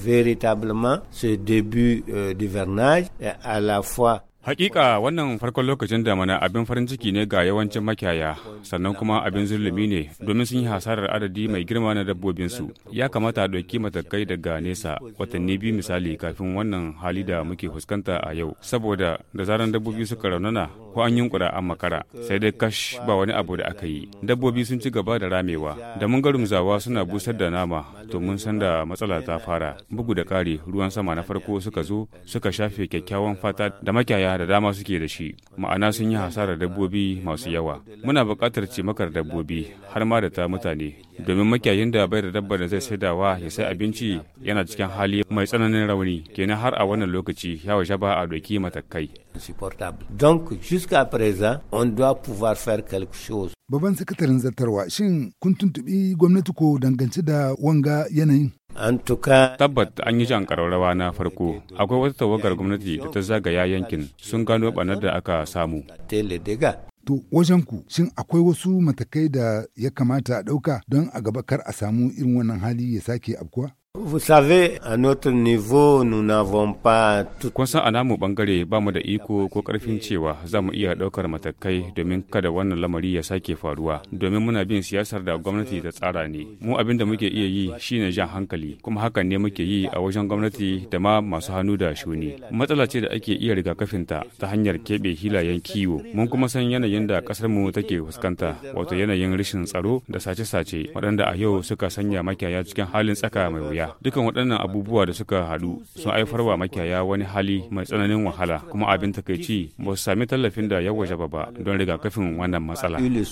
véritablement ce début euh, vernage. Euh, à la fois Hakika wannan farkon lokacin damana abin farin ciki ne ga yawancin makiyaya sannan kuma abin zulumi ne domin sun yi hasarar adadi mai girma na dabbobinsu ya kamata a ɗauki matakai daga nesa watanni biyu misali kafin wannan hali da muke fuskanta a yau saboda da zaran dabbobi suka raunana ko an yunkura an makara sai dai kash ba wani abu da aka yi dabbobi sun ci gaba da ramewa da mun garumzawa suna busar da nama to mun san da matsala ta fara bugu da ƙari ruwan sama na farko suka zo suka shafe kyakkyawan fata da makiyaya da dama suke da shi ma'ana sun yi hasarar dabbobi masu yawa muna buƙatar cimakar dabbobi har ma da ta mutane domin makiyayin da bai da dabbar da zai saidawa ya sai abinci yana cikin hali mai tsananin rauni kenan har a wannan lokaci yawa waje ba a doki matakai insupportable. Donc, jusqu'à présent, on doit pouvoir faire quelque chose. baban sakataren zartarwa shin kun tuntubi gwamnati ko danganci da wanga yanayin? An tuka. Tabbat an yi jan ƙararrawa na farko. Akwai wata tawagar gwamnati da ta zagaya yankin sun gano banar da aka samu. To wajen ku shin akwai wasu matakai da ya kamata a ɗauka don a gaba kar a samu irin wannan hali ya sake abkuwa? Vous savez, a notre niveau, nous n'avons tout... Kun san a namu bangare ba mu da iko ko karfin cewa za mu iya daukar matakai domin kada wannan lamari ya sake faruwa. Domin muna bin siyasar da gwamnati ta tsara ne. Mu abin da muke iya yi shine jan hankali, kuma hakan ne muke yi a wajen gwamnati da ma masu hannu da shuni. Matsala ce da ake iya kafin ta ta hanyar keɓe hilayen kiwo. Mun kuma san yanayin da ƙasar mu take fuskanta, wato yanayin rashin tsaro da sace-sace waɗanda a yau suka sanya makiyaya cikin halin tsaka mai wuya. dukan waɗannan abubuwa da suka haɗu sun haifar wa makiyaya wani hali mai tsananin wahala kuma abin takaici ba su sami tallafin da ya waje ba don rigakafin wannan matsala